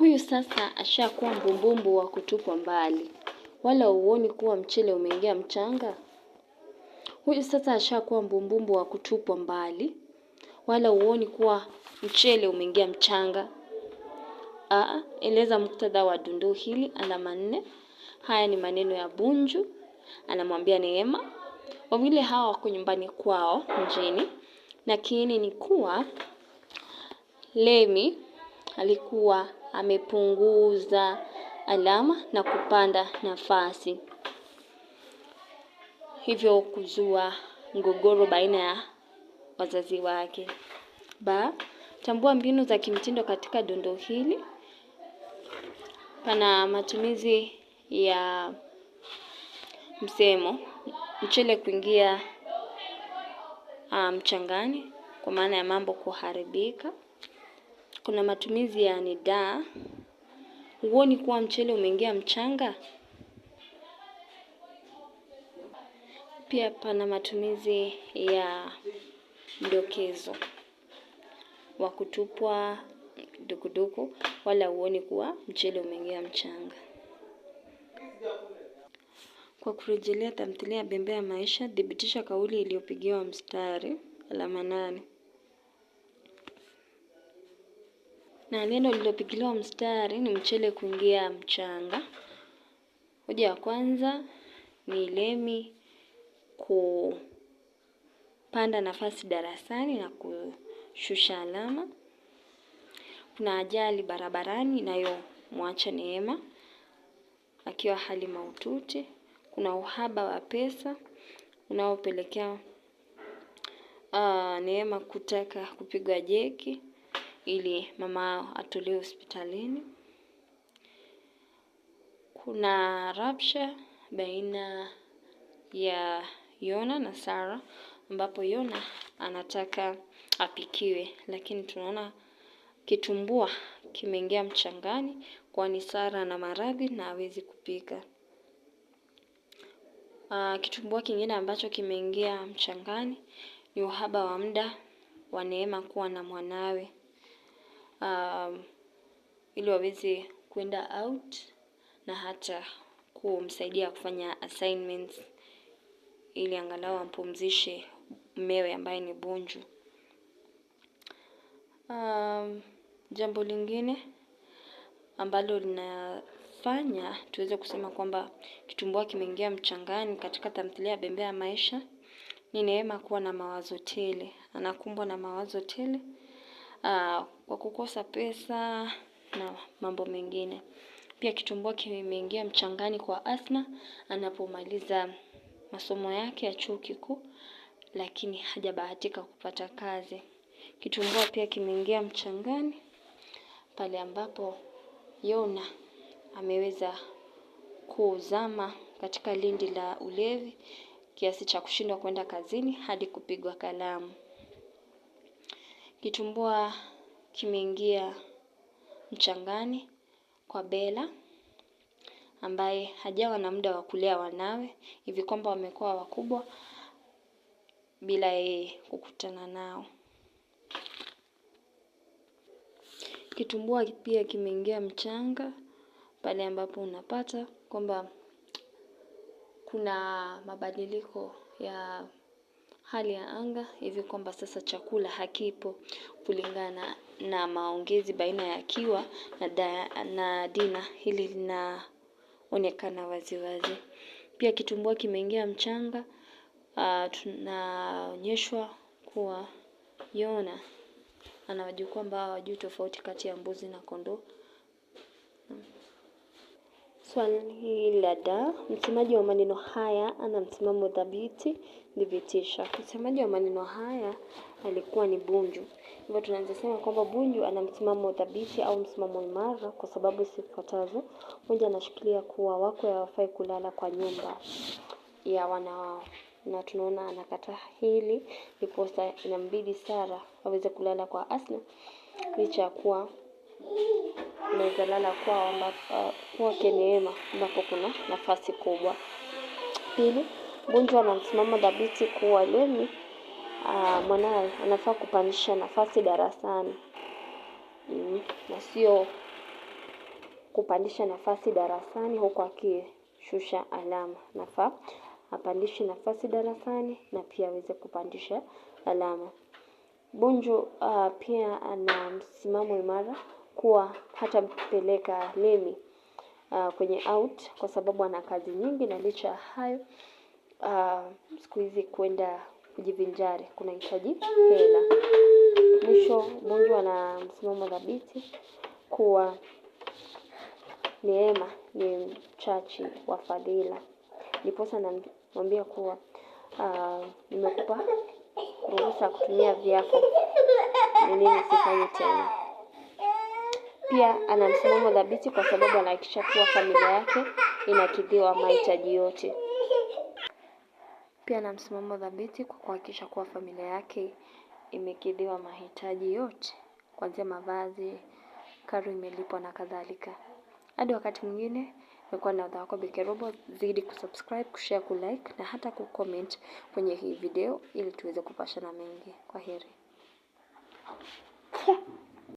Huyu sasa ashakuwa mbumbumbu wa kutupwa mbali, wala huoni kuwa mchele umeingia mchanga? Huyu sasa ashakuwa mbumbumbu wa kutupwa mbali, wala huoni kuwa mchele umeingia mchanga? Aa, eleza muktadha wa dondoo hili. Alama nne. Haya ni maneno ya Bunju anamwambia Neema, wawili hawa wako nyumbani kwao mjini, na kiini ni kuwa Lemi alikuwa amepunguza alama na kupanda nafasi, hivyo kuzua mgogoro baina ya wazazi wake. Ba, tambua mbinu za kimtindo katika dondo hili. Pana matumizi ya msemo mchele kuingia ah, mchangani, um, kwa maana ya mambo kuharibika. Kuna matumizi ya nidaa Huoni kuwa mchele umeingia mchanga? Pia pana matumizi ya mdokezo wa kutupwa dukuduku, wala huoni kuwa mchele umeingia mchanga. Kwa kurejelea tamthilia ya Bembea ya Maisha, thibitisha kauli iliyopigiwa mstari, alama nane. na neno lililopigiliwa mstari ni mchele kuingia mchanga. Hoja ya kwanza ni Lemi kupanda nafasi darasani na kushusha alama. Kuna ajali barabarani inayomwacha Neema akiwa hali mahututi. Kuna uhaba wa pesa unaopelekea uh, Neema kutaka kupigwa jeki ili mama atolewe hospitalini. Kuna rapsha baina ya Yona na Sara ambapo Yona anataka apikiwe, lakini tunaona kitumbua kimeingia mchangani, kwani Sara ana maradhi na hawezi kupika. Uh, ah, kitumbua kingine ambacho kimeingia mchangani ni uhaba wa muda wa Neema kuwa na mwanawe um, ili waweze kwenda out na hata kumsaidia kufanya assignments ili angalau ampumzishe mmewe ambaye ni Bunju. Um, jambo lingine ambalo linafanya tuweze kusema kwamba kitumbua kimeingia mchangani katika tamthilia ya Bembea ya Maisha ni neema kuwa na mawazo tele, anakumbwa na mawazo tele Ah, kwa kukosa pesa na mambo mengine. Pia kitumbua kimeingia mchangani kwa Asna anapomaliza masomo yake ya chuo kikuu lakini hajabahatika kupata kazi. Kitumbua pia kimeingia mchangani pale ambapo Yona ameweza kuzama katika lindi la ulevi kiasi cha kushindwa kwenda kazini hadi kupigwa kalamu. Kitumbua kimeingia mchangani kwa bela ambaye hajawa na muda wa kulea wanawe hivi kwamba wamekuwa wakubwa bila yeye kukutana nao. Kitumbua pia kimeingia mchanga pale ambapo unapata kwamba kuna mabadiliko ya hali ya anga hivi kwamba sasa chakula hakipo kulingana na maongezi baina ya Kiwa na Dina. Hili linaonekana waziwazi. Pia kitumbua kimeingia mchanga. Uh, tunaonyeshwa kuwa Yona anawajua kwamba hawajui tofauti kati ya mbuzi na kondoo. Swali la da, msemaji wa maneno haya ana msimamo dhabiti, dhibitisha. Msemaji wa maneno haya alikuwa ni Bunju. Hivyo tunaweza sema kwamba Bunju ana msimamo dhabiti au msimamo imara kwa sababu zifuatazo. Moja, anashikilia kuwa wakwe hawafai kulala kwa nyumba ya wanawao na tunaona anakata hili, ndipo inambidi Sara aweze kulala kwa Asna licha ya kuwa unaweza lala kwao kwake uh, neema ambapo kuna nafasi kubwa. Pili, bunju ana msimamo dhabiti kuwa Lemi uh, mwanaye anafaa kupandisha nafasi darasani mm, na sio kupandisha nafasi darasani huku akishusha alama. Nafaa apandishe nafasi darasani na pia aweze kupandisha alama. Bunju uh, pia ana msimamo imara kuwa hatampeleka Lemi uh, ah, kwenye out kwa sababu ana kazi nyingi, na licha ya hayo uh, siku hizi kwenda kujivinjari kunahitaji hela. Mwisho Mungu ana msimamo dhabiti kuwa neema ni mchachi wa fadhila, niposa namwambia kuwa uh, nimekupa ruhusa kutumia vyako, ni nini sifanye tena? Pia ana msimamo dhabiti kwa sababu anahakikisha kuwa familia yake inakidhiwa mahitaji yote. Pia ana msimamo dhabiti kwa kuhakikisha kuwa familia yake imekidhiwa mahitaji yote, kuanzia mavazi, karo imelipwa na kadhalika. Hadi wakati mwingine, imekuwa na Odha Wako Robot. Zidi kusubscribe, kushare, kulike na hata kucomment kwenye hii video ili tuweze kupashana mengi. Kwa heri.